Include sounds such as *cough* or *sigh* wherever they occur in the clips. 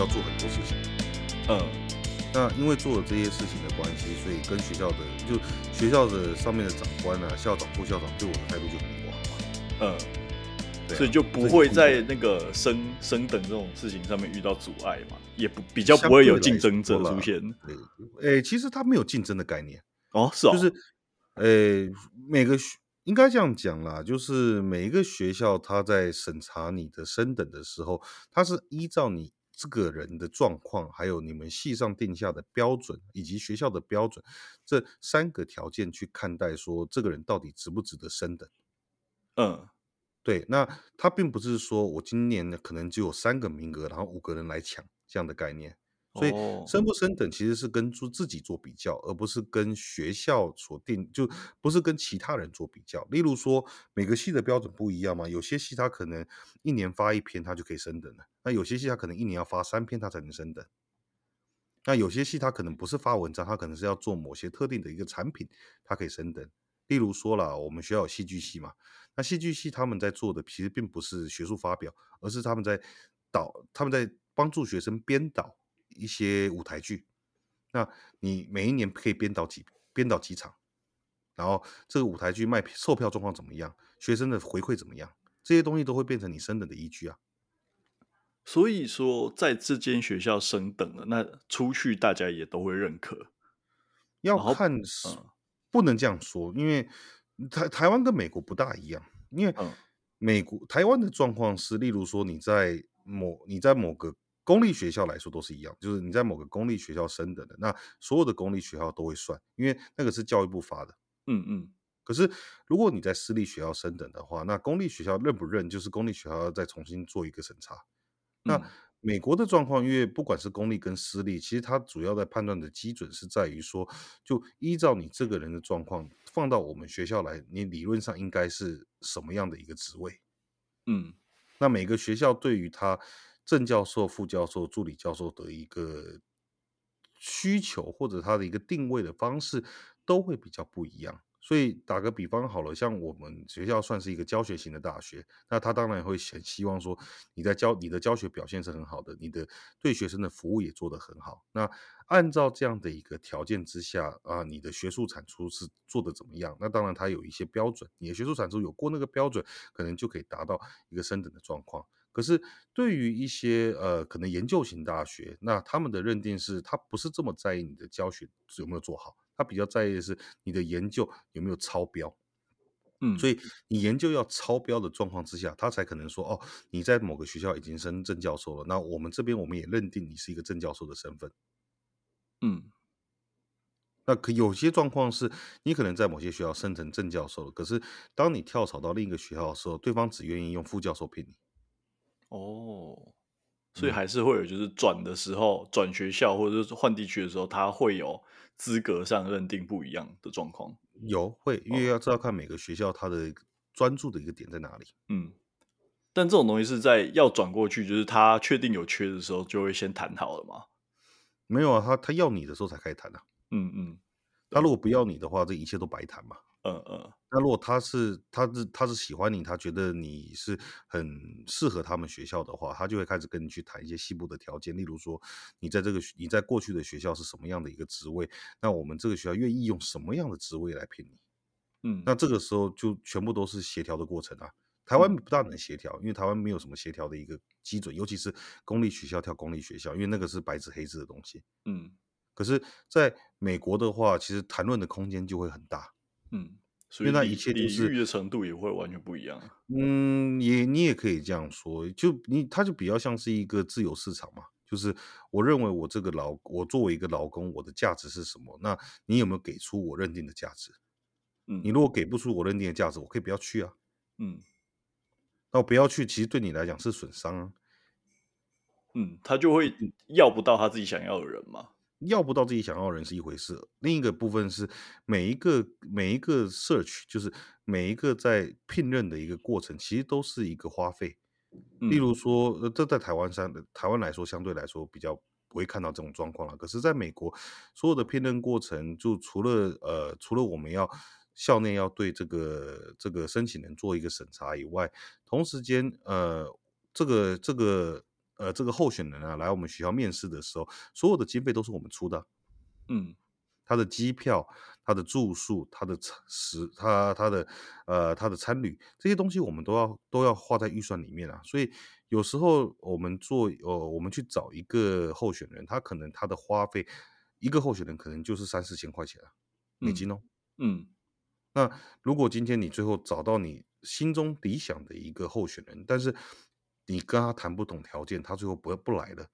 要做很多事情，嗯，那因為做了這些事情的關係，所以跟學校的就學校的上面的長官啊、校長、副校長對我的態度就很不好，嗯，所以就不會在那個升升等這種事情上面遇到阻礙嘛，也不比較不會有競爭者出現。哎、欸，其實他沒有競爭的概念哦，是啊、哦，就是，哎、欸，每個學應該這樣講啦，就是每一個學校他在審查你的升等的時候，他是依照你。這個人的狀況，還有你們系上定下的標準，以及學校的標準，這三個條件去看待說，說這個人到底值不值得升等。嗯，對。那他並不是說我今年可能只有三個名額，然後五個人來搶這樣的概念。所以升不升等其實是跟自自己做比較，哦、而不是跟學校所定，就不是跟其他人做比較。例如說，每個系的標準不一樣嘛，有些系他可能一年發一篇，他就可以升等了。那有些系他可能一年要發三篇，他才能升等。那有些系他可能不是發文章，他可能是要做某些特定的一個產品，他可以升等。例如說了，我們學校有戲劇系嘛？那戲劇系他們在做的其實並不是學術發表，而是他們在導，他們在幫助學生編導一些舞台劇。那你每一年可以編導幾編導幾場，然後這個舞台劇賣售票狀況怎麼樣，學生的回饋怎麼樣，這些東西都會變成你升等的依據啊。所以說，在這間學校升等了，那出去大家也都會認可。要看，嗯、不能這樣說，因為台台灣跟美國不大一樣。因為美國、嗯、台灣的狀況是，例如說你在某你在某個公立學校來說都是一樣，就是你在某個公立學校升等的，那所有的公立學校都會算，因為那個是教育部發的。嗯嗯。可是如果你在私立學校升等的話，那公立學校認不認？就是公立學校要再重新做一個審查。那美國的狀況，因為不管是公立跟私立，其實它主要在判斷的基準是在於說，就依照你這個人的狀況放到我們學校來，你理論上應該是什麼樣的一個職位。嗯，那每個學校對於他正教授、副教授、助理教授的一個需求或者他的一個定位的方式，都會比較不一樣。所以打個比方好了，像我們學校算是一個教學型的大學，那他當然也會希希望說，你在教你的教學表現是很好的，你的對學生的服務也做得很好。那按照這樣的一個條件之下啊，你的學術產出是做得怎麼樣？那當然它有一些標準，你的學術產出有過那個標準，可能就可以達到一個升等的狀況。可是對於一些呃可能研究型大學，那他們的認定是，他不是這麼在意你的教學有沒有做好。他比較在意的是你的研究有沒有超標，嗯，所以你研究要超標的狀況之下，他才可能說哦，你在某個學校已經升正教授了，那我們這邊我們也認定你是一個正教授的身份，嗯，那可有些狀況是你可能在某些學校升成正教授了，可是當你跳槽到另一個學校的時候，對方只願意用副教授聘你，哦，所以還是會有就是轉的時候，轉、嗯、學校或者是換地區的時候，他會有。資格上認定不一樣的狀況有會，因為要知道看每個學校他的專注的一個點在哪裡、哦。嗯，但這種東西是在要轉過去，就是他確定有缺的時候，就會先談好了嘛。沒有啊，他他要你的時候才可以談啊。嗯嗯，他、嗯、如果不要你的話，嗯、這一切都白談嘛。嗯嗯，嗯，那如果他是他是他是喜歡你，他覺得你是很適合他們學校的話，他就會開始跟你去談一些細部的條件，例如說，你在這個你在過去的學校是什麼樣的一個職位，那我們這個學校願意用什麼樣的職位來聘你？嗯，那這個時候就全部都是協調的過程啊。台灣不大能協調，嗯、因為台灣沒有什麼協調的一個基準，尤其是公立學校跳公立學校，因為那個是白紙黑字的東西。嗯，可是在美國的話，其實談論的空間就會很大。嗯，所以那一切都、就是的程度也會完全不一樣。嗯，也你也可以這樣說，就你他就比較像是一個自由市場嘛，就是我認為我這個勞，我作為一個勞工，我的價值是什麼？那你有沒有給出我認定的價值？嗯，你如果給不出我認定的價值，我可以不要去啊。嗯，那我不要去，其實對你來講是損傷啊。嗯，他就會要不到他自己想要的人嘛。要不到自己想要的人是一回事，另一個部分是每一個每一個 search，就是每一個在聘任的一個過程，其實都是一個花費。例如說，嗯、這在台灣上，台灣來說相對來說比較不會看到這種狀況了。可是，在美國，所有的聘任過程，就除了呃，除了我們要校內要對這個這個申請人做一個審查以外，同時間呃，這個這個。呃，這個候選人啊，來我們學校面試的時候，所有的經費都是我們出的。嗯，他的機票、他的住宿、他的餐食、他他的呃他的餐旅這些東西，我們都要都要花在預算裡面啊。所以有時候我們做，呃，我們去找一個候選人，他可能他的花費，一個候選人可能就是三四千塊錢啊，美金哦。嗯，嗯那如果今天你最後找到你心中理想的一個候選人，但是。你跟他談不懂條件，他最後不不來了，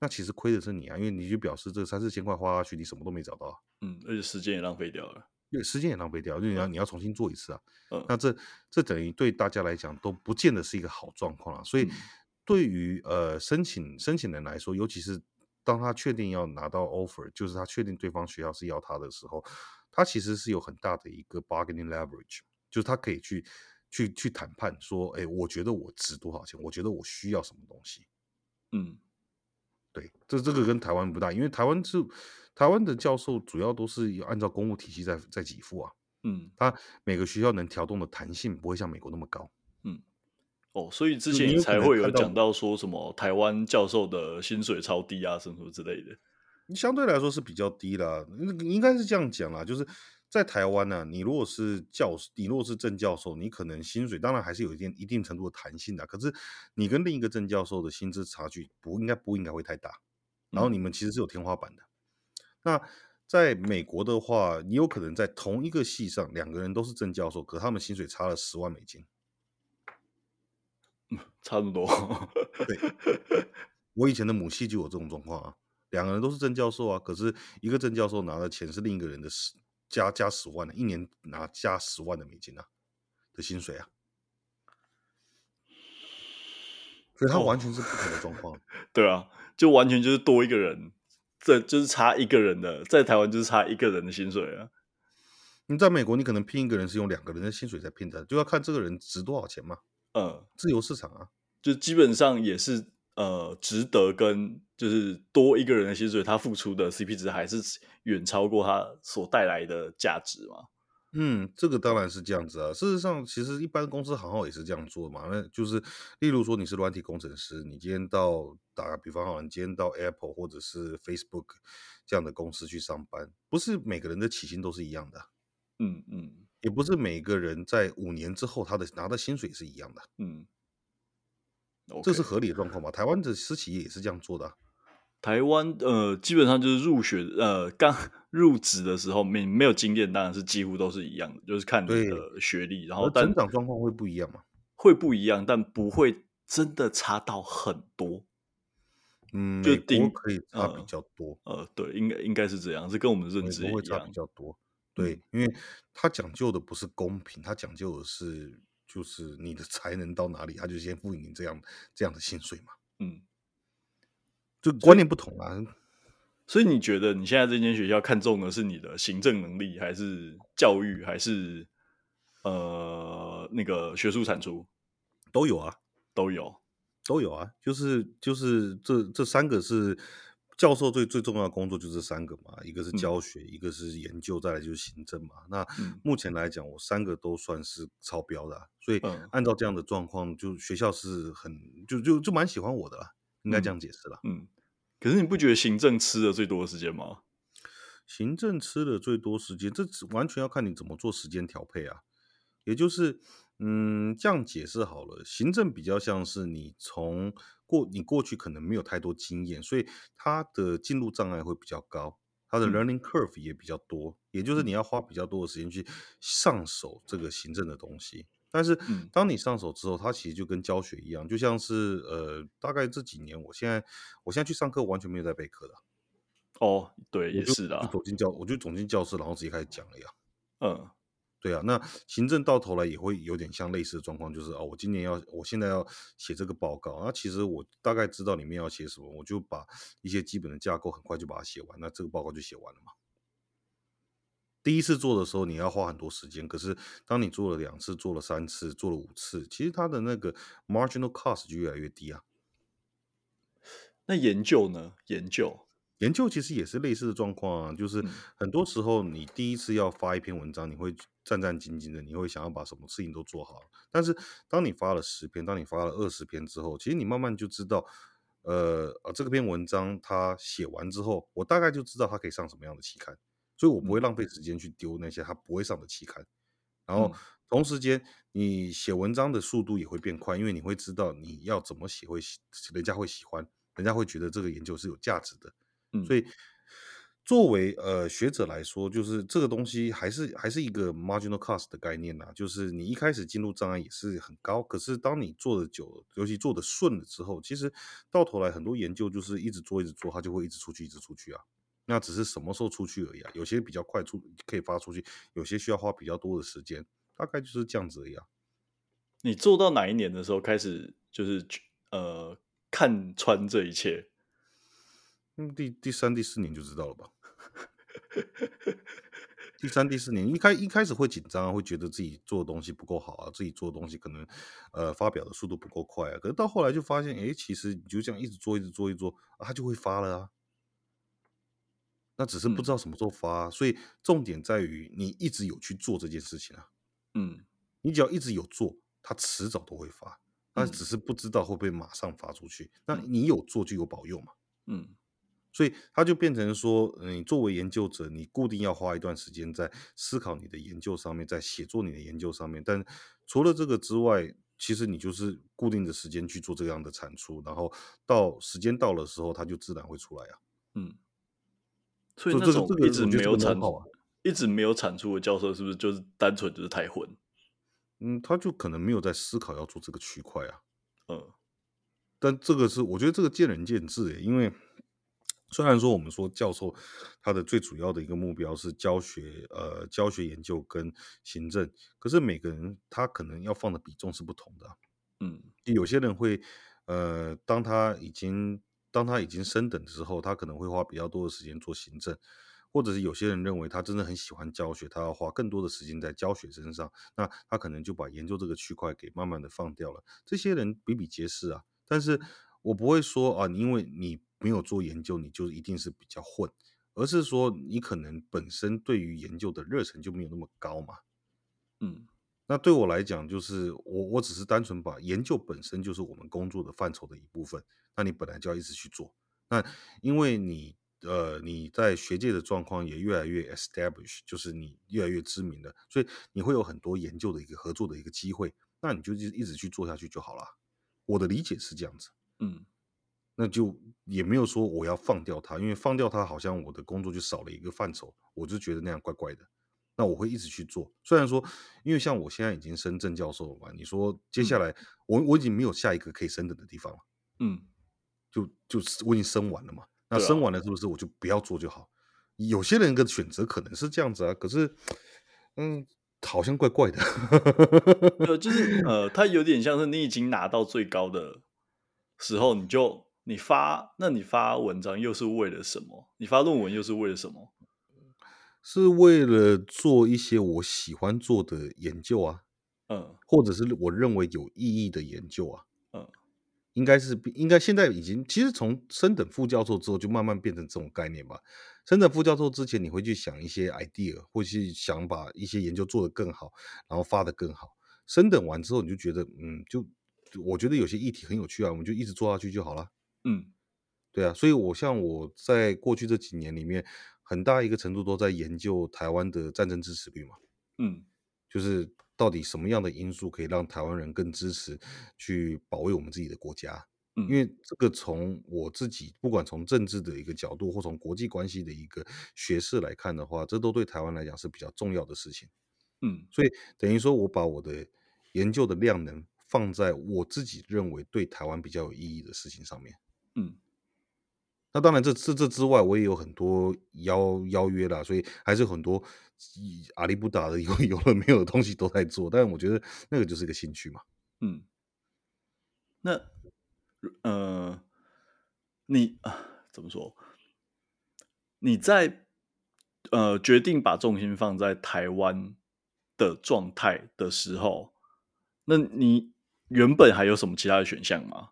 那其實虧的是你啊，因為你就表示這三四千塊花下去，你什麼都沒找到、啊、嗯，而且時間也浪費掉了，對，時間也浪費掉，因為你要、嗯、你要重新做一次啊。嗯、那這這等於對大家來講都不見得是一個好狀況了、啊。所以對於呃申請申請人來說，尤其是當他確定要拿到 offer，就是他確定對方學校是要他的時候，他其實是有很大的一個 bargaining leverage，就是他可以去。去去談判說，哎、欸，我覺得我值多少錢？我覺得我需要什麼東西？嗯，對，這這個跟台灣不大，因為台灣是台灣的教授主要都是要按照公務體系在在給付啊，嗯，他每個學校能調動的彈性不會像美國那麼高，嗯，哦，所以之前你才會有講到說什麼台灣教授的薪水超低啊，什麼什麼之類的，相對來說是比較低的，那應該是這樣講啦，就是。在台灣呢、啊，你如果是教授，你如果是正教授，你可能薪水當然還是有一定一定程度的彈性的、啊、可是你跟另一個正教授的薪資差距不應該不應該會太大。然後你們其實是有天花板的。那在美國的話，你有可能在同一個系上兩個人都是正教授，可他們薪水差了十萬美金，差不多。 *laughs* 對，我以前的母系就有這種狀況啊，兩個人都是正教授啊，可是一個正教授拿的錢是另一個人的十。加加十萬的，一年拿加十萬的美金啊的薪水啊，所以它完全是不同的狀況。哦、 *laughs* 對啊，就完全就是多一個人，這就是差一個人的，在台灣就是差一個人的薪水啊。你在美國，你可能聘一個人是用兩個人的薪水在聘的，就要看這個人值多少錢嘛。嗯，自由市場啊，就基本上也是。呃，值得跟就是多一個人的薪水，他付出的 CP 值還是遠超過他所帶來的價值嘛？嗯，這個當然是這樣子啊。事實上，其實一般公司行號也是這樣做嘛。那就是，例如說你是軟體工程師，你今天到打個比方，你今天到 Apple 或者是 Facebook 這樣的公司去上班，不是每個人的起薪都是一樣的。嗯嗯，嗯也不是每個人在五年之後他的，他的拿的薪水也是一樣的。嗯。Okay. 這是合理的狀況吧？台灣的私企也是這樣做的啊。台灣呃，基本上就是入學呃，剛入職的時候沒沒有經驗，當然是幾乎都是一樣的，就是看你的學歷。對然後但，成長狀況會不一樣嗎？會不一樣，但不會真的差到很多。嗯，就頂多定可以差比較多。呃、呃，對，應該應該是這樣，這跟我們認知一樣會差比較多。對，因為他講究的不是公平，嗯，他講究的是。就是你的才能到哪裡，他、啊、就先付你這樣這樣的薪水嘛。嗯，就觀念不同啊。所，所以你覺得你現在這間學校看重的是你的行政能力，還是教育，還是呃那個學術產出？都有啊，都有，都有啊。就是就是這這三個是。教授最最重要的工作就是三個嘛，一個是教學，嗯、一個是研究，再來就是行政嘛。嗯、那目前來講，我三個都算是超標的，所以按照這樣的狀況，就學校是很、嗯、就就就蠻喜歡我的啦，應該這樣解釋吧嗯。嗯，可是你不覺得行政吃了最多的時間嗎？行政吃了最多時間，這完全要看你怎麼做時間調配啊，也就是。嗯，這樣解釋好了。行政比較像是你從過你過去可能沒有太多經驗，所以它的進入障礙會比較高，它的 learning curve 也比較多，嗯、也就是你要花比較多的時間去上手這個行政的東西。但是當你上手之後，嗯、它其實就跟教學一樣，就像是呃，大概這幾年我現在我現在去上課完全沒有在備課的。哦，對，就也是的。就走進教，我就走進教室，然後直接開始講了呀。嗯。對啊，那行政到頭來也會有點像類似的狀況，就是啊、哦，我今年要，我現在要寫這個報告，那、啊、其實我大概知道裡面要寫什麼，我就把一些基本的架構很快就把它寫完，那這個報告就寫完了嘛。第一次做的時候你要花很多時間，可是當你做了兩次、做了三次、做了五次，其實它的那個 marginal cost 就越來越低啊。那研究呢？研究。研究其實也是類似的狀況啊，就是很多時候你第一次要發一篇文章，你會戰戰兢兢的，你會想要把什麼事情都做好。但是當你發了十篇，當你發了二十篇之後，其實你慢慢就知道，呃，啊，這篇文章它寫完之後，我大概就知道它可以上什麼樣的期刊，所以我不會浪費時間去丟那些它不會上的期刊。然後同時間，你寫文章的速度也會變快，因為你會知道你要怎麼寫會，人家會喜歡，人家會覺得這個研究是有價值的。嗯、所以，作為呃學者來說，就是這個東西還是還是一個 marginal cost 的概念呢、啊、就是你一開始進入障礙也是很高，可是當你做得久了，尤其做得順了之後，其實到頭來很多研究就是一直做，一直做，它就會一直出去，一直出去啊。那只是什麼時候出去而已啊。有些比較快出，可以發出去；有些需要花比較多的時間，大概就是這樣子而已啊。你做到哪一年的時候開始就是呃看穿這一切？嗯，第第三、第四年就知道了吧？ *laughs* 第三、第四年一開一開始會緊張、啊，會覺得自己做的東西不夠好啊，自己做的東西可能呃發表的速度不夠快啊。可是到後來就發現，哎，其實你就這樣一直做、一直做、一做，它、啊、就會發了啊。那只是不知道什麼時候發，啊，嗯，所以重點在於你一直有去做這件事情啊。嗯，你只要一直有做，它遲早都會發，那只是不知道會不會馬上發出去。嗯，那你有做就有保佑嘛？嗯。所以他就變成說、嗯，你作為研究者，你固定要花一段時間在思考你的研究上面，在寫作你的研究上面。但除了這個之外，其實你就是固定的時間去做這樣的產出，然後到時間到了的時候，它就自然會出來啊。嗯，所以那種所以就這種、個、一直沒有產出、啊、一直沒有產出的教授，是不是就是單純就是太混？嗯，他就可能沒有在思考要做這個區塊啊。嗯，但這個是我覺得這個見仁見智、欸、因為。雖然說我們說教授他的最主要的一個目標是教學，呃，教學研究跟行政，可是每個人他可能要放的比重是不同的啊。嗯，有些人會，呃，當他已經當他已經升等之後，他可能會花比較多的時間做行政，或者是有些人認為他真的很喜歡教學，他要花更多的時間在教學身上，那他可能就把研究這個區塊給慢慢的放掉了。這些人比比皆是啊，但是我不會說啊，因為你。沒有做研究，你就一定是比較混，而是說你可能本身對於研究的熱忱就沒有那麼高嘛。嗯，那對我來講，就是我我只是單純把研究本身就是我們工作的範疇的一部分，那你本來就要一直去做。那因為你呃你在學界的狀況也越來越 establish，就是你越來越知名的，所以你會有很多研究的一個合作的一個機會，那你就一一直去做下去就好了。我的理解是這樣子，嗯。那就也沒有說我要放掉他，因為放掉他好像我的工作就少了一個範疇，我就覺得那樣怪怪的。那我會一直去做，雖然說，因為像我現在已經升正教授了嘛，你說接下來我，嗯、我已經沒有下一個可以升等的、的地方了，嗯，就就我已經升完了嘛，啊、那升完了是不是我就不要做就好？有些人的選擇可能是這樣子啊，可是，嗯，好像怪怪的， *laughs* 就是呃，他有點像是你已經拿到最高的時候你就。你發，那你發文章又是為了什麼？你發論文又是為了什麼？是為了做一些我喜歡做的研究啊，嗯，或者是我認為有意義的研究啊，嗯，應該是應該現在已經其實從升等副教授之後就慢慢變成這種概念吧。升等副教授之前你會去想一些 idea，會去想把一些研究做得更好，然後發得更好。升等完之後你就覺得，嗯，就我覺得有些議題很有趣啊，我們就一直做下去就好了。嗯，對啊，所以，我像我在過去這幾年裡面，很大一個程度都在研究台灣的戰爭支持率嘛。嗯，就是到底什麼樣的因素可以讓台灣人更支持去保衛我們自己的國家？嗯，因為這個從我自己不管從政治的一個角度，或從國際關係的一個學識來看的話，這都對台灣來講是比較重要的事情。嗯，所以等於說，我把我的研究的量能放在我自己認為對台灣比較有意義的事情上面。那當然這，這這這之外，我也有很多邀邀約啦，所以還是很多阿里不達的有有了沒有的東西都在做。但我覺得那個就是一個興趣嘛。嗯，那呃，你啊，怎麼說？你在呃決定把重心放在台灣的狀態的時候，那你原本還有什麼其他的選項嗎？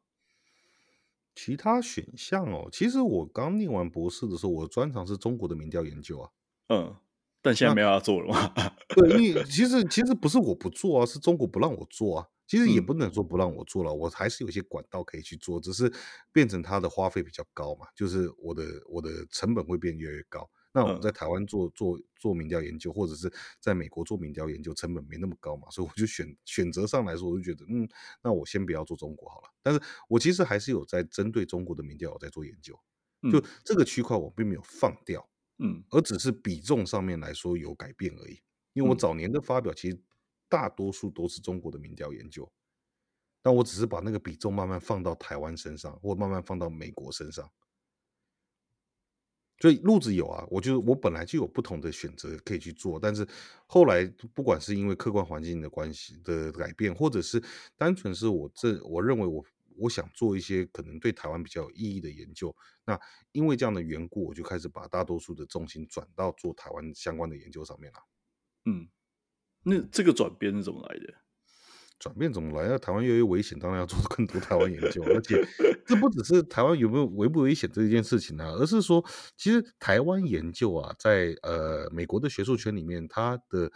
其他選項哦，其實我剛念完博士的時候，我專長是中國的民調研究啊。嗯，但現在沒有要做了嗎？對，因為其實其實不是我不做啊，是中國不讓我做啊。其實也不能說不讓我做了，是我還是有一些管道可以去做，只是變成它的花費比較高嘛，就是我的我的成本會變越來越高。那我在台灣做做做民調研究，或者是在美國做民調研究，成本沒那麼高嘛，所以我就選選擇上來說，我就覺得，嗯，那我先不要做中國好了。但是我其實還是有在針對中國的民調，我在做研究，就這個區塊我並沒有放掉，嗯，而只是比重上面來說有改變而已。因為我早年的發表其實大多數都是中國的民調研究，但我只是把那個比重慢慢放到台灣身上，或慢慢放到美國身上。所以路子有啊，我就我本來就有不同的選擇可以去做，但是後來不管是因為客觀環境的關係的改變，或者是單純是我這我認為我我想做一些可能對台灣比較有意義的研究，那因為這樣的緣故，我就開始把大多數的重心轉到做台灣相關的研究上面了。嗯，那這個轉變是怎麼來的？轉變怎麼來啊？要台灣越來越危險，當然要做更多台灣研究，而且這不只是台灣有沒有危不危險這一件事情啊，而是說，其實台灣研究啊，在呃美國的學術圈裡面，它的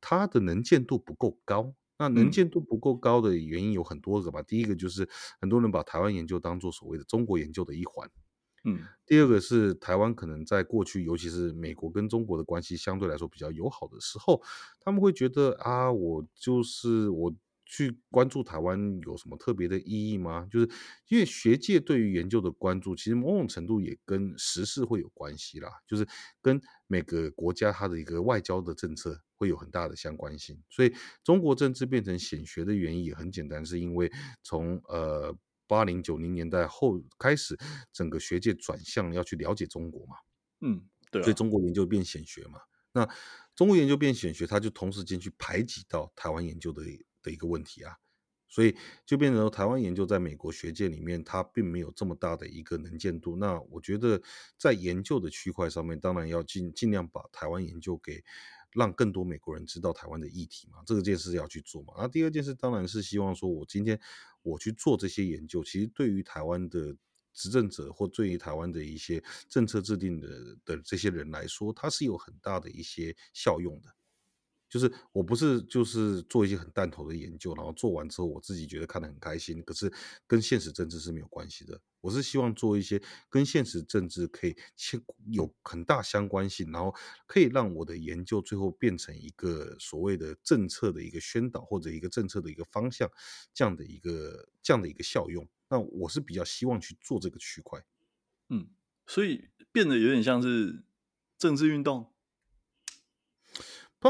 它的能見度不夠高。那能見度不夠高的原因有很多個吧。嗯。第一個就是很多人把台灣研究當作所謂的中國研究的一環，嗯。第二個是台灣可能在過去，尤其是美國跟中國的關係相對來說比較友好的時候，他們會覺得啊，我就是我。去關注台灣有什麼特別的意義嗎？就是因為學界對於研究的關注，其實某種程度也跟時事會有關係啦，就是跟每個國家它的一個外交的政策會有很大的相關性。所以中國政治變成顯學的原因也很簡單，是因為從呃八零九零年代後開始，整個學界轉向要去了解中國嘛。嗯，對，所以中國研究變顯學嘛。那中國研究變顯學，它就同時間去排擠到台灣研究的的一個問題啊，所以就變成了台灣研究在美國學界裡面，它並沒有這麼大的一個能見度。那我覺得在研究的區塊上面，當然要盡盡量把台灣研究給讓更多美國人知道台灣的議題嘛，這個件事要去做嘛。那第二件事當然是希望說我今天我去做這些研究，其實對於台灣的執政者或對於台灣的一些政策制定的的這些人來說，它是有很大的一些效用的。就是我不是就是做一些很蛋頭的研究，然後做完之後我自己覺得看得很開心，可是跟現實政治是沒有關係的。我是希望做一些跟現實政治可以有很大相關性，然後可以讓我的研究最後變成一個所謂的政策的一個宣導或者一個政策的一個方向，這樣的一個，這樣的一個效用。那我是比較希望去做這個區塊，嗯，所以變得有點像是政治運動。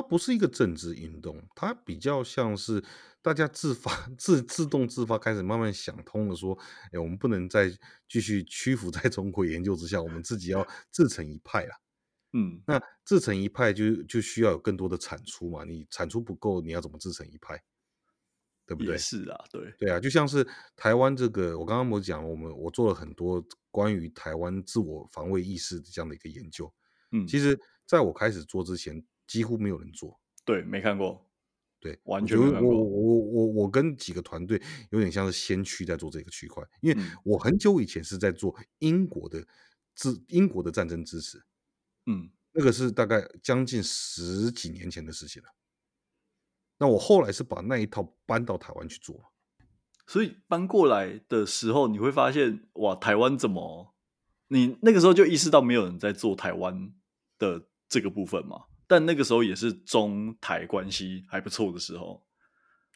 它不是一個政治運動，它比較像是大家自發、自自動自發開始慢慢想通了，說：哎，我們不能再繼續屈服在中國研究之下，我們自己要自成一派啊！嗯，那自成一派就就需要有更多的產出嘛？你產出不夠，你要怎麼自成一派？對不對？是啊，對對啊，就像是台灣這個，我剛剛我講，我們我做了很多關於台灣自我防衛意識這樣的一個研究。嗯，其實在我開始做之前，幾乎沒有人做，對，沒看過，對，完全沒看過。我我我我我跟幾個團隊有點像是先驅在做這個區塊，因為我很久以前是在做英國的、嗯、英國的戰爭支持，嗯，那個是大概將近十幾年前的事情了。那我後來是把那一套搬到台灣去做，所以搬過來的時候，你會發現哇，台灣怎麼？你那個時候就意識到沒有人在做台灣的這個部分嗎？但那個時候也是中台關係還不錯的時候，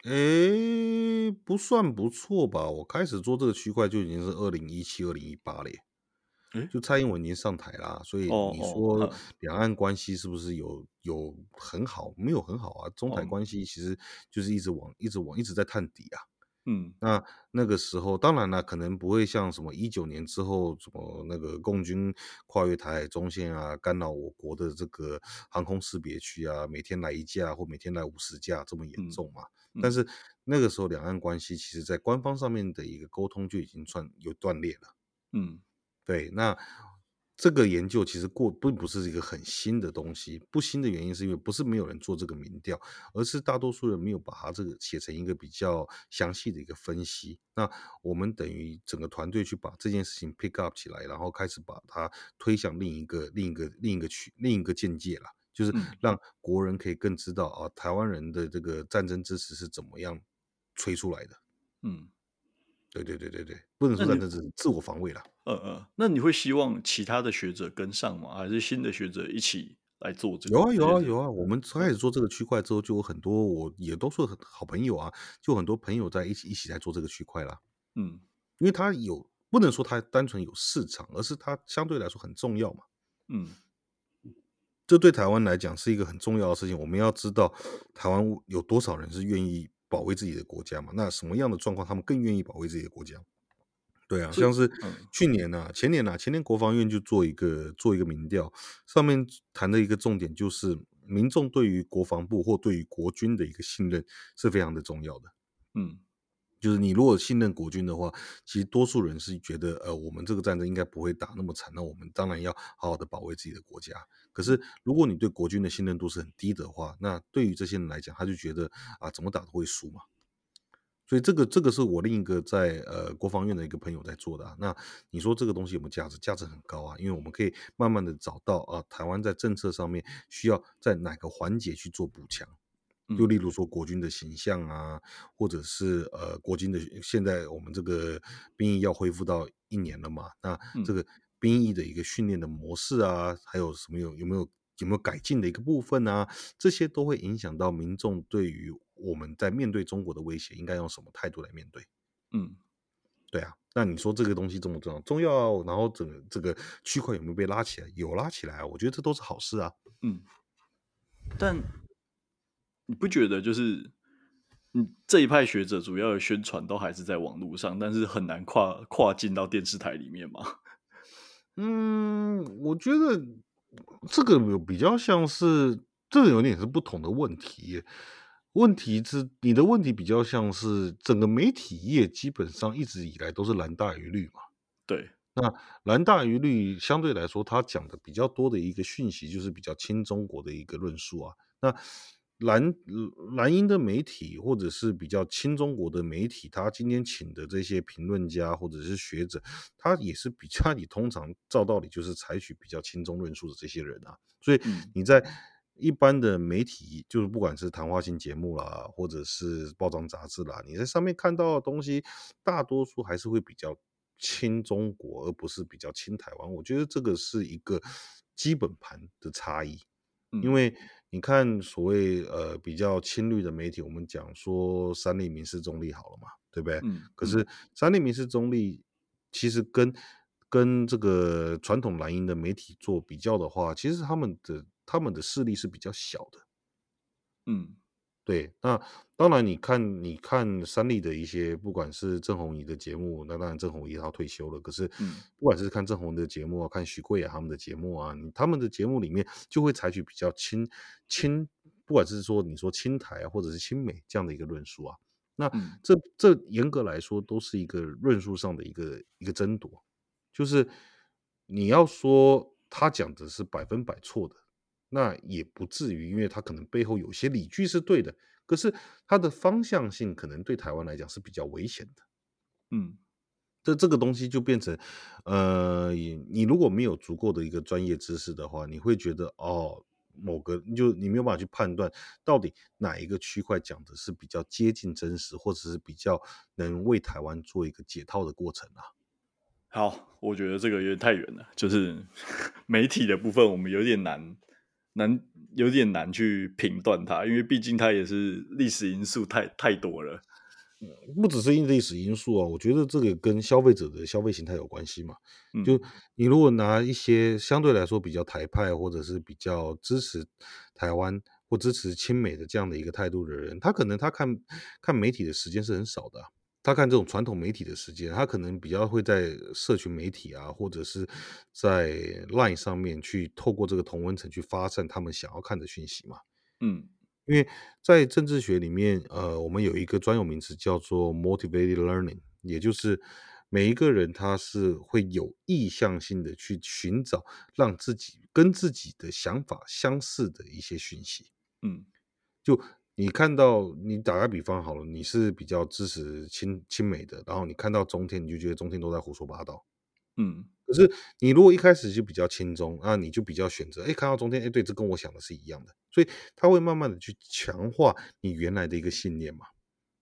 哎、欸，不算不錯吧？我開始做這個區塊就已經是二零一七、二零一八年，欸、就蔡英文已經上台啦，所以你說兩岸關係是不是有有很好？沒有很好啊，中台關係其實就是一直往、一直往、一直在探底啊。嗯，那那個時候當然了、啊，可能不會像什麼一九年之後什麼那個共軍跨越台海中線啊，干擾我國的這個航空識別區啊，每天來一架或每天來五十架這麼嚴重嘛。嗯嗯、但是那個時候兩岸關係其實在官方上面的一個溝通就已經算有斷裂了。嗯，對，那。這個研究其實過並不是一個很新的東西，不新的原因是因為不是沒有人做這個民調，而是大多數人沒有把它這個寫成一個比較詳細的一個分析。那我們等於整個團隊去把這件事情 pick up 起來，然後開始把它推向另一個、另一個、另一個區、另一個境界了，就是讓國人可以更知道啊，台灣人的這個戰爭支持是怎麼樣催出來的。嗯。對對對對對，不能說真的是,是自我防衛了。嗯嗯，那你會希望其他的學者跟上嗎？還是新的學者一起來做這個？有啊有啊有啊！我們開始做這個區塊之後，就有很多我也都是好朋友啊，就很多朋友在一起一起來做這個區塊了。嗯，因為它有不能說它單純有市場，而是它相對來說很重要嘛。嗯，這對台灣來講是一個很重要的事情。我們要知道台灣有多少人是願意。保衛自己的國家嘛，那什麼樣的狀況他們更願意保衛自己的國家？對啊，所以，像是去年吶、啊、嗯、前年吶、啊、前年國防院就做一個做一個民調，上面談的一個重點就是民眾對於國防部或對於國軍的一個信任是非常的重要的。嗯，就是你如果信任國軍的話，其實多數人是覺得，呃，我們這個戰爭應該不會打那麼慘，那我們當然要好好的保衛自己的國家。可是，如果你對國軍的信任度是很低的話，那對於這些人來講，他就覺得啊，怎麼打都會輸嘛。所以，這個這個是我另一個在呃國防院的一個朋友在做的啊。那你說這個東西有沒有價值？價值很高啊，因為我們可以慢慢的找到啊，呃，台灣在政策上面需要在哪個環節去做補強。就例如說國軍的形象啊，或者是呃國軍的現在我們這個兵役要恢復到一年了嘛，那這個。嗯兵役的一個訓練的模式啊，還有什麼有有沒有有沒有改進的一個部分啊，這些都會影響到民眾對於我們在面對中國的威脅應該用什麼態度來面對？嗯，對啊，那你說這個東西重不重要？重要、啊。然後整個這個區塊有沒有被拉起來？有拉起來、啊，我覺得這都是好事啊。嗯，但你不覺得就是嗯你這一派學者主要的宣傳都還是在網絡上，但是很難跨跨進到電視台裡面嗎？嗯，我覺得這個有比較像是，這個有點是不同的問題。問題是你的問題比較像是整個媒體業基本上一直以來都是藍大於綠嘛？對，那藍大於綠相對來說，它講的比較多的一個訊息就是比較親中國的一個論述啊。那藍、藍營的媒體，或者是比較親中國的媒體，他今天請的這些評論家或者是學者，他也是比較你通常照道理就是採取比較親中論述的這些人啊，所以你在一般的媒體，就是不管是談話性節目啦，或者是報章雜誌啦，你在上面看到的東西，大多數還是會比較親中國，而不是比較親台灣。我覺得這個是一個基本盤的差異，因為。嗯你看所，所謂呃比較親綠的媒體，我們講說三立民視、中立好了嘛，對不對？嗯嗯、可是三立民視、中立，其實跟跟這個傳統藍營的媒體做比較的話，其實他們的他們的勢力是比較小的，嗯。對，那當然你看，你看三立的一些，不管是鄭弘儀的節目，那當然鄭弘儀他退休了，可是，不管是看鄭弘的節目啊，看許貴啊他們的節目啊，他們的節目裡面就會採取比較親親，不管是說你說親台啊，或者是親美這樣的一個論述啊，那這這嚴格來說都是一個論述上的一個一個爭奪，就是你要說他講的是百分百錯的。那也不至於，因為他可能背後有些理據是對的，可是他的方向性可能對台灣來講是比較危險的。嗯，這這個東西就變成，呃，你如果沒有足夠的一個專業知識的話，你會覺得，哦，某個，就你沒有辦法去判斷到底哪一個區塊講的是比較接近真實，或者是比較能為台灣做一個解套的過程啊。好，我覺得這個有點太遠了，就是 *laughs* 媒體的部分，我們有點難。難有點難去評斷它，因為畢竟它也是歷史因素太太多了，不只是因歷史因素啊，我覺得這個跟消費者的消費形態有關係嘛。嗯、就你如果拿一些相對來說比較台派或者是比較支持台灣或支持親美的這樣的一個態度的人，他可能他看看媒體的時間是很少的，啊。他看這種傳統媒體的時間，他可能比較會在社群媒體啊，或者是在 Line 上面去透過這個同溫層去發散他們想要看的訊息嘛。嗯，因為在政治學裡面，呃，我們有一個專有名詞叫做 Motivated Learning，也就是每一個人他是會有意向性的去尋找讓自己跟自己的想法相似的一些訊息。嗯，就。你看到，你打個比方好了，你是比較支持親親美的，然後你看到中天，你就覺得中天都在胡說八道，嗯。可是你如果一開始就比較親中啊，那你就比較選擇，哎，看到中天，哎，對，這跟我想的是一樣的，所以他會慢慢的去強化你原來的一個信念嘛。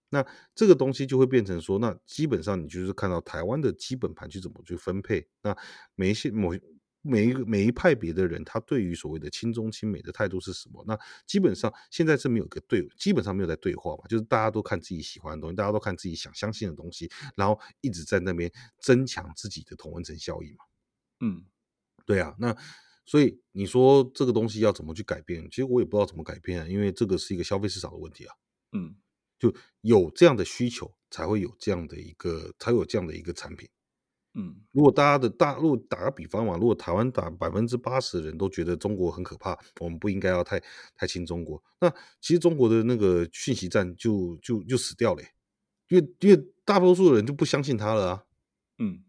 那這個東西就會變成說，那基本上你就是看到台灣的基本盤去怎麼去分配，那沒些某。每一個每一派別的人，他對於所謂的親中親美的態度是什麼？那基本上現在是沒有個對，基本上沒有在對話嘛，就是大家都看自己喜歡的東西，大家都看自己想相信的東西，然後一直在那邊增強自己的同溫層效應嘛。嗯，對啊，那所以你說這個東西要怎麼去改變？其實我也不知道怎麼改變啊，因為這個是一個消費市場的問題啊。嗯，就有這樣的需求，才會有這樣的一個，才有這樣的一個產品。嗯，如果大家的大陸打個比方嘛，如果台灣打百分之八十的人都覺得中國很可怕，我們不應該要太太親中國，那其實中國的那個訊息戰就就就死掉了，因為因為大多數的人就不相信他了啊，嗯，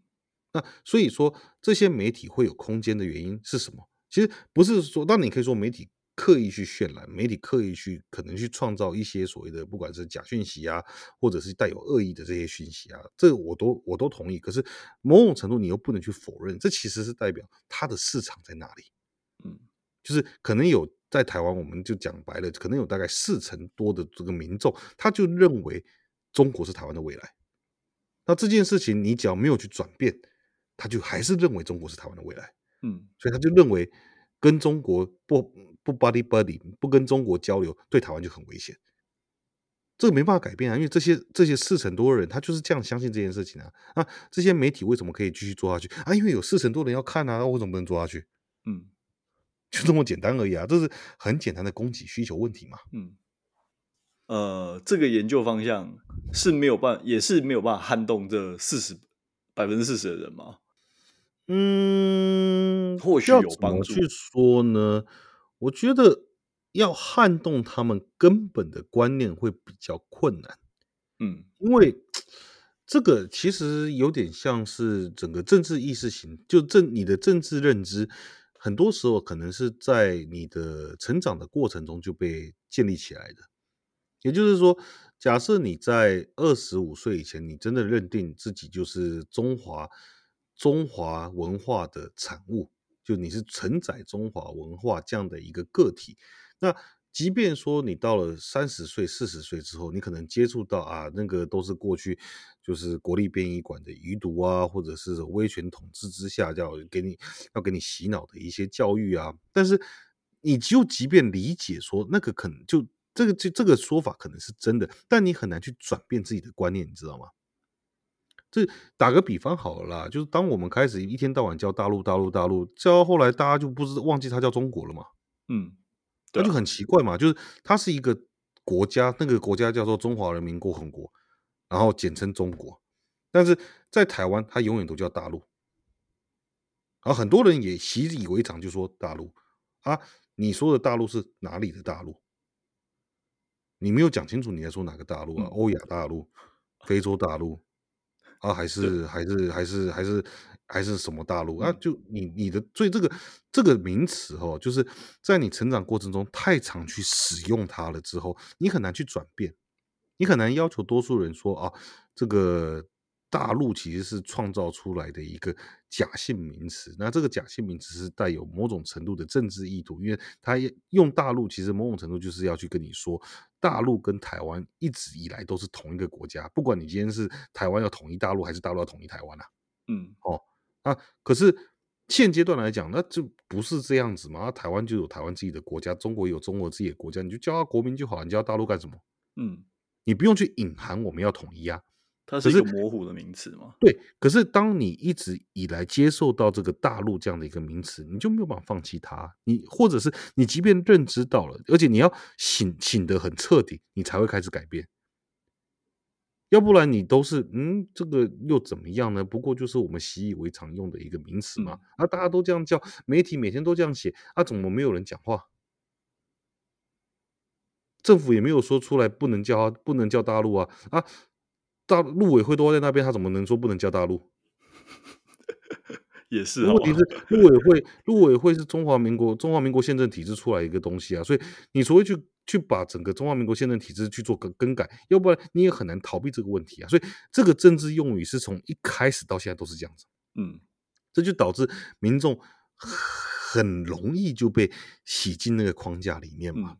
那所以說這些媒體會有空間的原因是什麼？其實不是說，那你可以說媒體。刻意去渲染，媒體刻意去可能去創造一些所謂的不管是假訊息啊，或者是帶有惡意的這些訊息啊，這個我都我都同意。可是某種程度你又不能去否認，這其實是代表它的市場在哪裡。嗯，就是可能有在台灣，我們就講白了，可能有大概四成多的這個民眾，他就認為中國是台灣的未來。那這件事情你只要沒有去轉變，他就還是認為中國是台灣的未來。嗯，所以他就認為跟中國不。不 buddy, 不跟中國交流，對台灣就很危險。這個沒辦法改變啊，因為這些這些四成多人，他就是這樣相信這件事情啊。啊，這些媒體為什麼可以繼續做下去啊？因為有四成多人要看啊，那為什麼不能做下去？嗯，就這麼簡單而已啊，這是很簡單的供給需求問題嘛。嗯，呃，這個研究方向是沒有辦，也是沒有辦法撼動這四十，百分之四十的人嘛。嗯，嗯，或許有幫助，去說呢。我覺得要撼動他們根本的觀念會比較困難，嗯，因為這個其實有點像是整個政治意識形，就政你的政治認知，很多時候可能是在你的成長的過程中就被建立起來的。也就是說，假設你在二十五歲以前，你真的認定自己就是中華中華文化的產物。就你是承載中華文化這樣的一個個體，那即便說你到了三十歲、四十歲之後，你可能接觸到啊，那個都是過去就是國立編譯館的餘毒啊，或者是威權統治之下要給你要給你洗腦的一些教育啊。但是，你就即便理解說那個可能就這個這這個說法可能是真的，但你很難去轉變自己的觀念，你知道嗎？這打個比方好了啦，就是當我們開始一天到晚叫大陸、大陸、大陸，叫到後來大家就不知忘記它叫中國了嘛。嗯，啊、那就很奇怪嘛，就是它是一個國家，那個國家叫做中華人民共和國，然後簡稱中國，但是在台灣它永遠都叫大陸，啊，很多人也習以為常就說大陸啊，你說的大陸是哪裡的大陸？你沒有講清楚你在說哪個大陸啊？嗯、歐亞大陸、非洲大陸。啊，還是對還是還是還是還是什麼大陸啊？就你你的，最這個這個名詞哦，就是在你成長過程中太常去使用它了之後，你很難去轉變，你很難要求多數人說啊，這個。大陸其實是創造出來的一個假性名詞，那這個假性名詞是帶有某種程度的政治意圖，因為他用大陸其實某種程度就是要去跟你說，大陸跟台灣一直以來都是同一個國家，不管你今天是台灣要統一大陸，還是大陸要統一台灣啊。嗯，哦，啊，可是現階段來講，那就不是這樣子嘛，啊、台灣就有台灣自己的國家，中國有中國自己的國家，你就叫他國民就好，你叫他大陸幹什麼？嗯，你不用去隱含我們要統一啊。它是一個模糊的名詞嘛？對，可是當你一直以來接受到這個大陸這樣的一個名詞，你就沒有辦法放棄它。你或者是你，即便認知到了，而且你要醒醒得很徹底，你才會開始改變。要不然你都是嗯，這個又怎麼樣呢？不過就是我們習以為常用的一個名詞嘛。嗯、啊，大家都這樣叫，媒體每天都這樣寫，啊，怎麼沒有人講話？政府也沒有說出來不能叫、啊、不能叫大陸啊啊。啊大陸委會都在那邊，他怎麼能說不能叫大陸？ *laughs* 也是啊，問題是，陸委會，陸 *laughs* 委會是中華民國，中華民國憲政體制，出來一個東西啊，所以你除非去去把整個中華民國憲政體制去做更更改，要不然你也很難逃避這個問題啊。所以這個政治用語是從一開始到現在都是這樣子，嗯，這就導致民眾很容易就被洗進那個框架裡面嘛。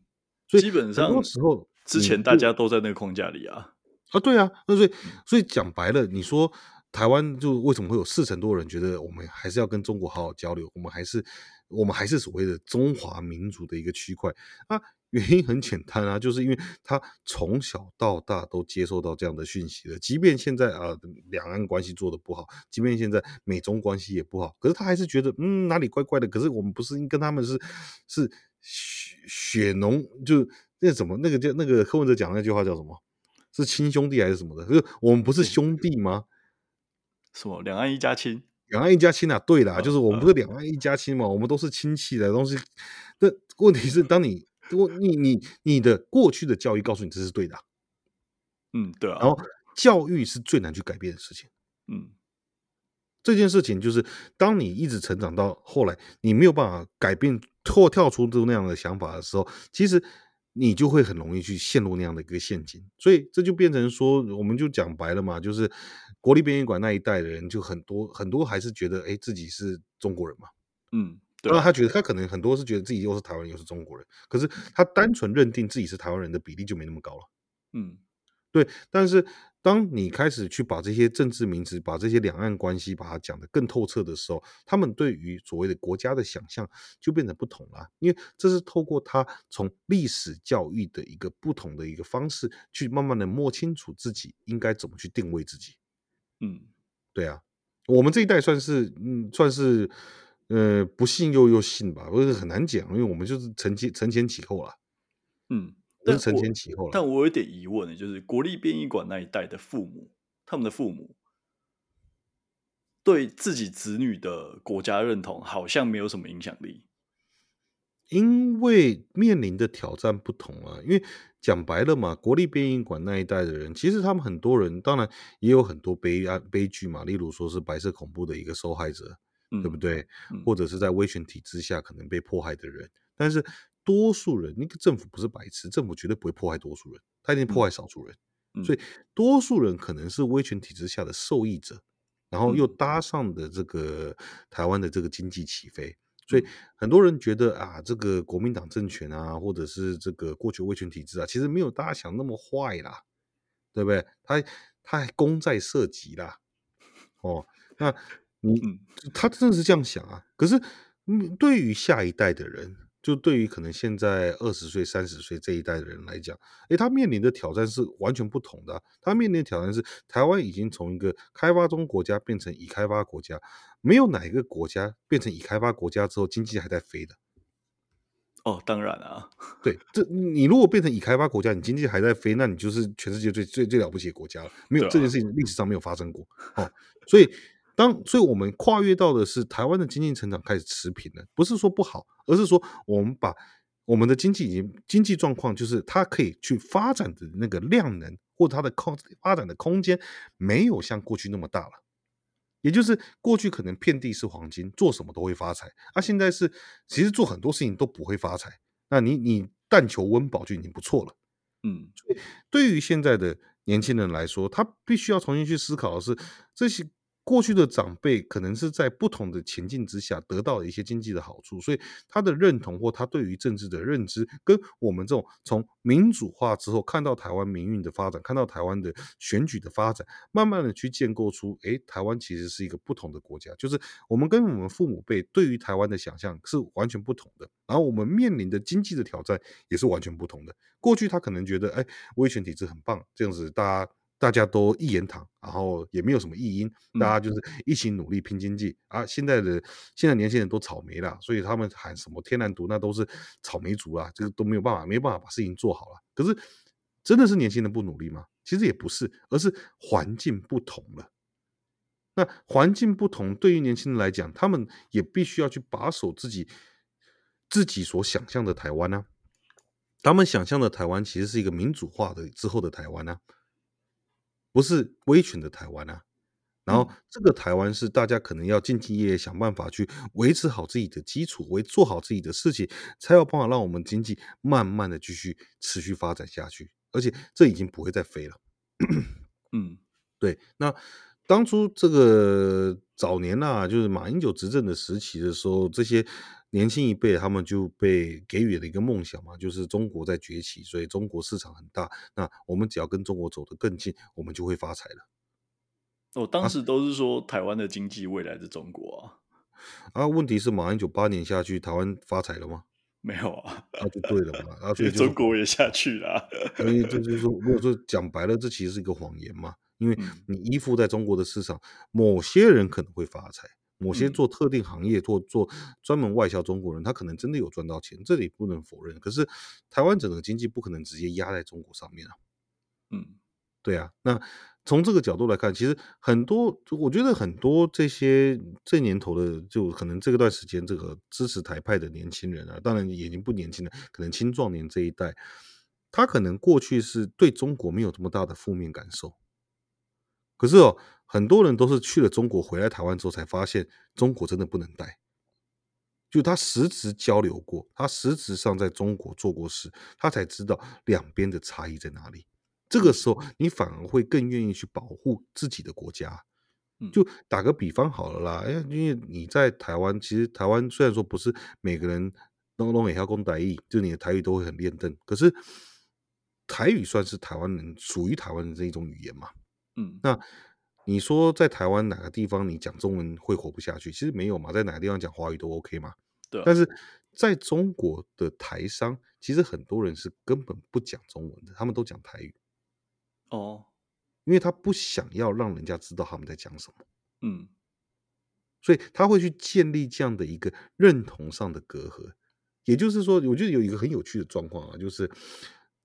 所以、嗯、基本上，那時候之前大家都在那個框架裡啊。啊，對啊，那所以所以講白了，你說台灣就為什麼會有四成多人覺得我們還是要跟中國好好交流？我們還是我們還是所謂的中華民族的一個區塊。那、啊、原因很簡單啊，就是因為他從小到大都接受到這樣的訊息了。即便現在啊、呃，兩岸關係做得不好，即便現在美中關係也不好，可是他還是覺得嗯，哪裡怪怪的。可是我們不是跟他們是是血血濃就那什麼那個叫、那個、那個柯文哲講的那句話叫什麼？是親兄弟還是什麼的？可是我們不是兄弟嗎？什麼、嗯？兩岸一家親，兩岸一家親啊！對的，嗯、就是我們不是兩岸一家親嘛。嗯、我們都是親戚的東西。那問題是，當你，嗯、你你你的過去的教育告訴你這是對的、啊，嗯，對啊。然後教育是最難去改變的事情。嗯，這件事情就是，當你一直成長到後來，你沒有辦法改變或跳出都那樣的想法的時候，其實。你就會很容易去陷入那樣的一個陷阱，所以這就變成說，我們就講白了嘛，就是國立編譯館那一代的人就很多很多，還是覺得誒、欸、自己是中國人嘛，嗯，對，他覺得他可能很多是覺得自己又是台灣人又是中國人，可是他單純認定自己是台灣人的比例就沒那麼高了，嗯，對，但是。當你開始去把這些政治名詞、把這些兩岸關係把它講得更透徹的時候，他們對於所謂的國家的想象就變成不同了，因為這是透過他從歷史教育的一個不同的一個方式，去慢慢的摸清楚自己應該怎麼去定位自己。嗯，對啊，我們這一代算是，嗯算是，呃，不信又又信吧，不，就是很難講，因為我們就是承前承前啟後了，啊。嗯。不是承前啟後了，但我有點疑問呢，就是國立編譯館那一代的父母，他們的父母對自己子女的國家認同好像沒有什麼影響力，因為面臨的挑戰不同啊。因為講白了嘛，國立編譯館那一代的人，其實他們很多人，當然也有很多悲啊悲劇嘛，例如說是白色恐怖的一個受害者，嗯、對不對？嗯、或者是在威權體制下可能被迫害的人，但是。多數人，那個政府不是白痴，政府絕對不會迫害多數人，他一定迫害少數人。嗯、所以多數人可能是威權體制下的受益者，嗯、然後又搭上的這個台灣的這個經濟起飛，所以很多人覺得啊，這個國民黨政權啊，或者是這個過去威權體制啊，其實沒有大家想那麼壞啦，對不對？他他還功在社稷啦，哦，那你他真的是這樣想啊？可是，對於下一代的人。就對於可能現在二十歲、三十歲這一代的人來講，哎，他面臨的挑戰是完全不同的啊。他面臨的挑戰是，台灣已經從一個開發中國家變成已開發國家，沒有哪一個國家變成已開發國家之後經濟還在飛的。哦，當然了，啊，對，這你如果變成已開發國家，你經濟還在飛，那你就是全世界最最最了不起的國家了。沒有，啊，這件事情歷史上沒有發生過哦，所以。當，所以我們跨越到的是台灣的經濟成長開始持平了，不是說不好，而是說我們把我們的經濟已經經濟狀況，就是它可以去發展的那個量能或者它的空發展的空間，沒有像過去那麼大了。也就是過去可能遍地是黃金，做什麼都會發財，那、啊、現在是其實做很多事情都不會發財。那你你但求溫飽就已經不錯了，嗯，對於現在的年輕人來說，他必須要重新去思考的是這些。過去的長輩可能是在不同的情境之下得到了一些經濟的好處，所以他的認同或他對於政治的認知，跟我們這種從民主化之後看到台灣民運的發展，看到台灣的選舉的發展，慢慢的去建構出，哎，台灣其實是一個不同的國家，就是我們跟我們父母輩對於台灣的想象是完全不同的，然後我們面臨的經濟的挑戰也是完全不同的。過去他可能覺得，哎，威權體制很棒，這樣子大家。大家都一言堂，然後也沒有什麼異音，大家就是一起努力拼經濟、嗯、啊。現在的現在年輕人都草莓了，所以他們喊什麼天然獨，那都是草莓族啊，這、就、個、是、都沒有辦法，沒有辦法把事情做好了。可是真的是年輕人不努力嗎？其實也不是，而是環境不同了。那環境不同，對於年輕人來講，他們也必須要去把守自己自己所想象的台灣呢、啊。他們想象的台灣其實是一個民主化的之後的台灣呢、啊。不是威權的台灣啊，然後這個台灣是大家可能要兢兢業業想辦法去維持好自己的基礎，為做好自己的事情，才有辦法讓我們經濟慢慢的繼續持續發展下去。而且這已經不會再飛了。嗯，對。那當初這個早年啊，就是馬英九執政的時期的時候，這些。年輕一輩，他們就被給予了一個夢想嘛，就是中國在崛起，所以中國市場很大。那我們只要跟中國走得更近，我們就會發財了。哦，當時都是說、啊、台灣的經濟未來是中國啊。啊，問題是馬英九08年下去，台灣發財了嗎？沒有啊，那、啊、就對了嘛。 *laughs* 啊、所以中國也下去了，所 *laughs* 以這就是說如果說講白了，這其實是一個謊言嘛。因為你依附在中國的市場，嗯、某些人可能會發財。某些做特定行業做做專門外銷中國人，嗯、他可能真的有賺到錢，這裡不能否認。可是台灣整個經濟不可能直接壓在中國上面啊。嗯，對啊。那從這個角度來看，其實很多，我覺得很多這些這年頭的，就可能這段時間這個支持台派的年輕人啊，當然也已經不年輕了，可能青壯年這一代，他可能過去是對中國沒有這麼大的負面感受，可是哦。很多人都是去了中國，回來台灣之後才發現中國真的不能帶。就他實質交流過，他實質上在中國做過事，他才知道兩邊的差異在哪裡。這個時候，你反而會更願意去保護自己的國家。就打個比方好了啦，因為你在台灣，其實台灣雖然說不是每個人都能美校工台語，就你的台語都會很練，但可是台語算是台灣人屬於台灣人這一種語言嘛。嗯，那。你說在台灣哪個地方你講中文會活不下去？其實沒有嘛，在哪個地方講華語都 OK 嘛。對。但是在中國的台商，其實很多人是根本不講中文的，他們都講台語。哦。因為他不想要讓人家知道他們在講什麼。嗯。所以他會去建立這樣的一個認同上的隔閡。也就是說，我覺得有一個很有趣的狀況啊，就是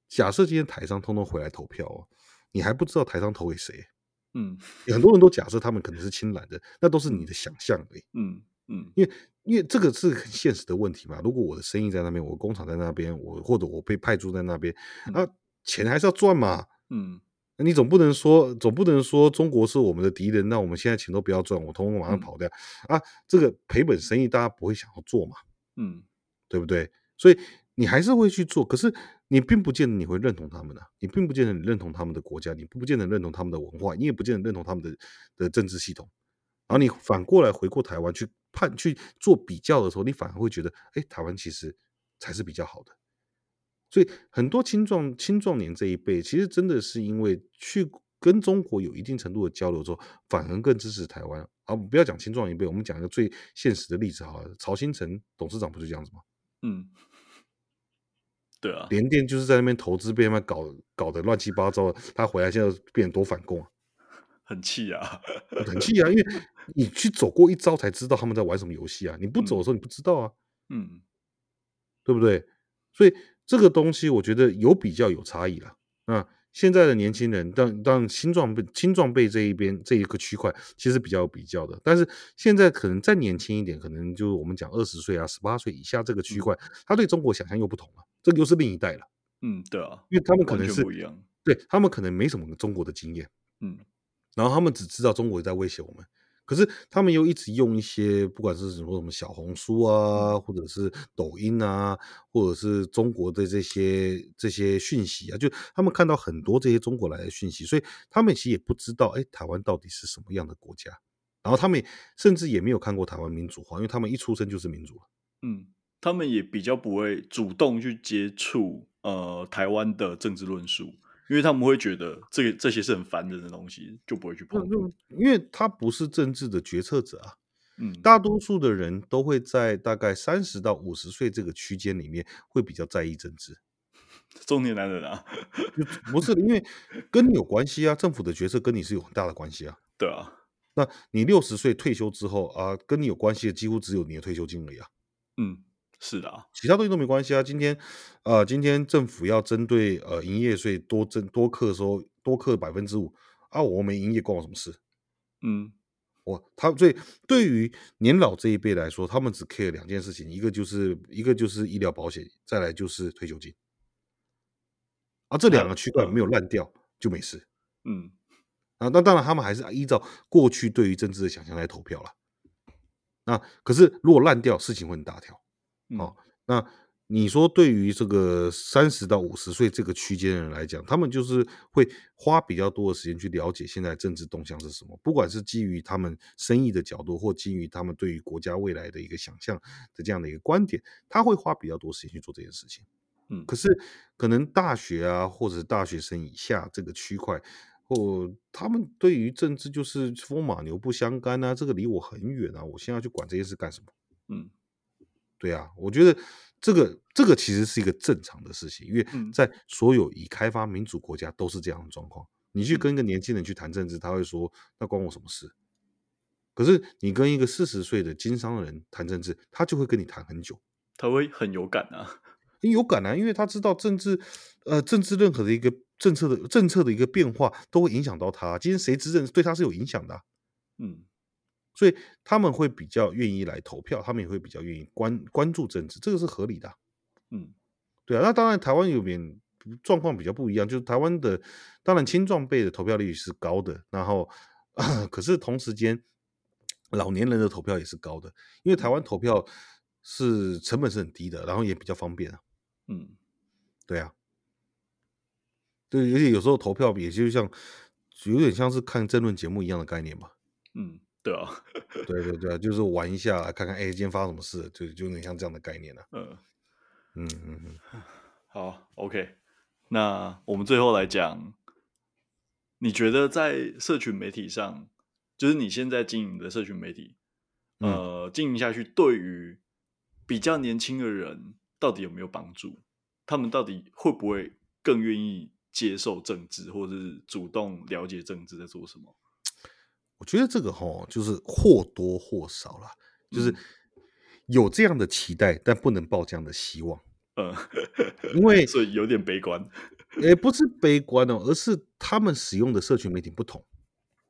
假設今天台商通通回來投票哦，你還不知道台商投給誰。嗯，很多人都假設他們可能是親藍的，那都是你的想象而已。嗯嗯，嗯，因為因為這個是很現實的問題嘛。如果我的生意在那邊，我工廠在那邊，我或者我被派駐在那邊，那、啊、錢還是要賺嘛。嗯，你總不能說，總不能說中國是我們的敵人，那我們現在錢都不要賺，我通通馬上跑掉、嗯、啊？這個賠本生意大家不會想要做嘛？嗯，對不對？所以你還是會去做，可是。你並不見得你會認同他們的，你並不見得你認同他們的國家，你不見得認同他們的文化，你也不見得認同他們的的政治系統。然後你反過來回過台灣去判去做比較的時候，你反而會覺得，哎，台灣其實才是比較好的。所以很多青壯，青壯年這一輩，其實真的是因為去跟中國有一定程度的交流之後，反而更支持台灣。啊，不要講青壯一輩，我們講一個最現實的例子啊，曹興誠董事長不是這樣子嗎？嗯。對啊，聯電就是在那邊投資被他們搞搞得亂七八糟的。他回來現在變多反共啊，很氣啊， *laughs* 很氣啊。因為你去走過一遭才知道他們在玩什麼遊戲啊。你不走的時候你不知道啊，嗯，嗯，對不對？所以這個東西我覺得有比較有差異了那，呃、現在的年輕人，當當青壯青壯輩這一邊這一個區塊，其實比較有比較的。但是現在可能再年輕一點，可能就我們講二十歲啊，十八歲以下這個區塊，嗯，他對中國想象又不同了，啊。這又是另一代了，嗯，對啊，因為他們可能是，不一樣。對，他們可能沒什麼中國的經驗，嗯，然後他們只知道中國在威脅我們，可是他們又一直用一些不管是什麼什麼小紅書啊，或者是抖音啊，或者是中國的這些這些訊息啊，就他們看到很多這些中國來的訊息，所以他們其實也不知道，哎，台灣到底是什麼樣的國家，然後他們甚至也沒有看過台灣民主化，因為他們一出生就是民主啊，嗯。他們也比較不會主動去接觸呃台灣的政治論述，因為他們會覺得這個，這些是很煩人的東西，就不會去碰。因為他不是政治的決策者啊，嗯，大多數的人都會在大概三十到五十歲這個區間裡面會比較在意政治。中年男人啊， *laughs* 不是，因為跟你有關係啊，政府的決策跟你是有很大的關係啊。對啊，那你六十歲退休之後啊，跟你有關係的幾乎只有你的退休金了啊。嗯。是的、啊，其他東西都沒關係啊。今天，呃，今天政府要針對呃營業稅多徵多課收多課百分之五啊，我沒營業關我什麼事。嗯，我他所以對於年老這一輩來說，他們只 care 兩件事情，一個就是一個就是醫療保險，再來就是退休金。啊，這兩個區塊沒有爛掉就沒事。嗯，啊，那當然他們還是依照過去對於政治的想象來投票了。那、啊、可是如果爛掉，事情會很大條。嗯、哦，那你說對於這個三十到五十歲這個區間的人來講，他們就是會花比較多的時間去了解現在政治動向是什麼，不管是基於他們生意的角度，或基於他們對於國家未來的一個想象的這樣的一個觀點，他會花比較多時間去做這件事情。嗯，可是可能大學啊，或者是大學生以下這個區塊，或、哦、他們對於政治就是風馬牛不相干啊，這個離我很遠啊，我現在要去管這些事幹什麼？嗯。對啊，我覺得這個這個其實是一個正常的事情，因為在所有已開發民主國家都是這樣的狀況。嗯、你去跟一個年輕人去談政治，嗯、他會說那關我什麼事？可是你跟一個四十歲的經商人談政治，他就會跟你談很久。他會很有感啊，很有感啊，因為他知道政治，呃，政治任何的一個政策的政策的一個變化都會影響到他、啊。今天誰執政對他是有影響的、啊，嗯。所以他們會比較願意來投票，他們也會比較願意關關注政治，這個是合理的啊。嗯，對啊，那當然台灣有點狀況比較不一樣，就是台灣的當然青壯輩的投票率是高的，然後可是同時間老年人的投票也是高的，因為台灣投票是成本是很低的，然後也比較方便啊。嗯，對啊，對，而且有時候投票也就像有點像是看政論節目一樣的概念吧。嗯。對啊， *laughs* 對對對，就是玩一下，看看哎，今天發生什麼事，就就有點像這樣的概念呢、啊。嗯嗯嗯嗯，好，OK，那我們最後來講，你覺得在社群媒體上，就是你現在經營的社群媒體，呃，嗯、經營下去對於比較年輕的人到底有沒有幫助？他們到底會不會更願意接受政治，或者是主動了解政治在做什麼？我覺得這個哈、哦，就是或多或少了，就是有這樣的期待，但不能抱這樣的希望，嗯，因為有點悲觀，也不是悲觀哦，而是他們使用的社群媒體不同，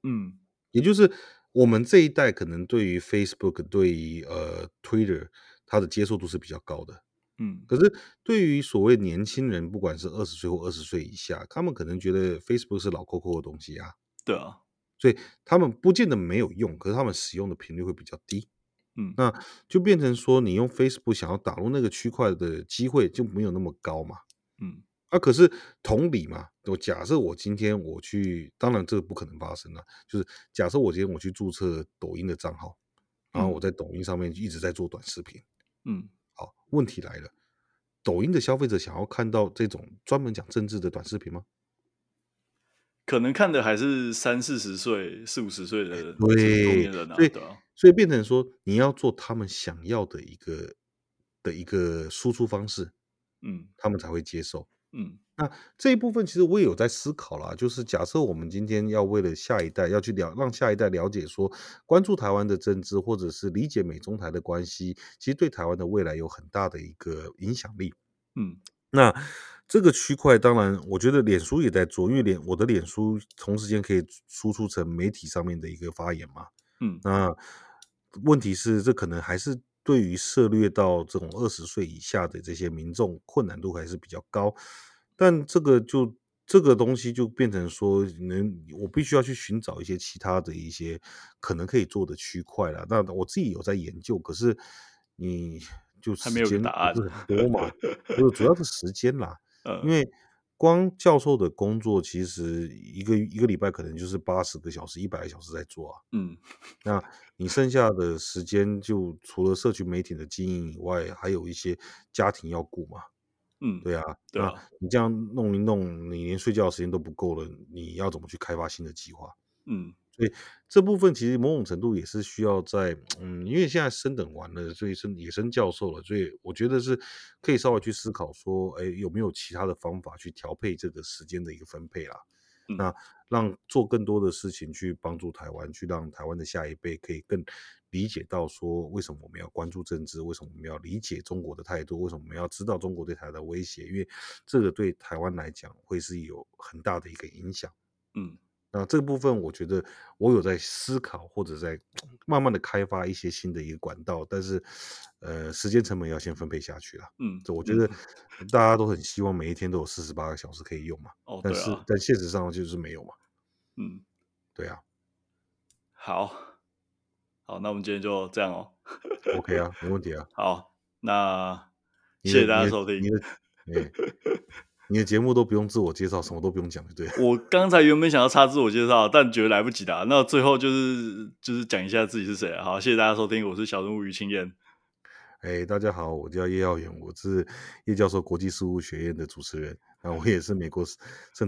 嗯，也就是我們這一代可能對於 Facebook、對於呃 Twitter，它的接受度是比較高的，嗯，可是對於所謂年輕人，不管是二十歲或二十歲以下，他們可能覺得 Facebook 是老扣扣的東西啊，對啊。所以他們不見得沒有用，可是他們使用的頻率會比較低，嗯，那就變成說你用 Facebook 想要打入那個區塊的機會就沒有那麼高嘛，嗯，啊，可是同理嘛，我假設我今天我去，當然這個不可能發生了、啊，就是假設我今天我去註冊抖音的賬號，嗯、然後我在抖音上面一直在做短視頻，嗯，好，問題來了，抖音的消費者想要看到這種專門講政治的短視頻嗎？可能看的還是三四十歲、四五十歲的人、欸、對中年人啊，所以所以變成說，你要做他們想要的一個的一個輸出方式，嗯，他們才會接受。嗯，那這一部分其實我也有在思考啦，就是假設我們今天要為了下一代，要去了讓下一代了解說，關注台灣的政治，或者是理解美中台的關係，其實對台灣的未來有很大的一個影響力。嗯。那這個區塊，當然，我覺得臉書也在做，因為臉我的臉書，同時間可以輸出成媒體上面的一個發言嘛。嗯，那問題是，這可能還是對於涉獵到這種二十歲以下的這些民眾，困難度還是比較高。但這個就這個東西就變成說，能我必須要去尋找一些其他的一些可能可以做的區塊了。那我自己有在研究，可是你。就是時間不是很多嘛， *laughs* 就是主要是時間啦。因為光教授的工作，其實一個一個禮拜可能就是八十個小時、一百個小時在做啊。嗯，那你剩下的時間，就除了社群媒體的經營以外，還有一些家庭要顧嘛。嗯，對啊，對啊。你這樣弄一弄，你連睡覺的時間都不夠了，你要怎麼去開發新的計劃？嗯，對啊。嗯。所以這部分其實某種程度也是需要在，嗯，因為現在升等完了，所以升也升教授了，所以我覺得是可以稍微去思考說，哎，有沒有其他的方法去調配這個時間的一個分配啦？嗯、那讓做更多的事情去幫助台灣，去讓台灣的下一輩可以更理解到說，為什麼我們要關注政治，為什麼我們要理解中國的態度，為什麼我們要知道中國對台灣的威脅？因為這個對台灣來講會是有很大的一個影響，嗯。那這個部分我覺得我有在思考，或者在慢慢的開發一些新的一個管道，但是呃，時間成本要先分配下去了。嗯，就我覺得大家都很希望每一天都有四十八個小時可以用嘛。哦，對啊。但是，但現實上就是沒有嘛。嗯，對啊。好，好，那我們今天就這樣哦。OK 啊，沒問題啊。好，那謝謝大家收聽。你的節目都不用自我介紹，什麼都不用講，對不對？我剛才原本想要插自我介紹，但覺得來不及了啊。那最後就是就是講一下自己是誰啊。好，謝謝大家收聽，我是小人物於青燕。哎、欸，大家好，我叫葉耀元，我是葉教授國際事務學院的主持人，啊，我也是美國聖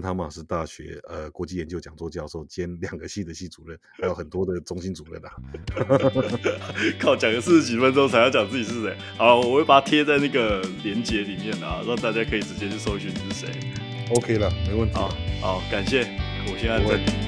湯瑪斯大學呃國際研究講座教授，兼兩個系的系主任， *laughs* 還有很多的中心主任哈、啊， *laughs* 靠，講個四十幾分鐘才要講自己是誰？好，我會把它貼在那個鏈接裡面的，讓大家可以直接去搜尋你是誰。OK 了，沒問題。好，好，感謝。我現在在。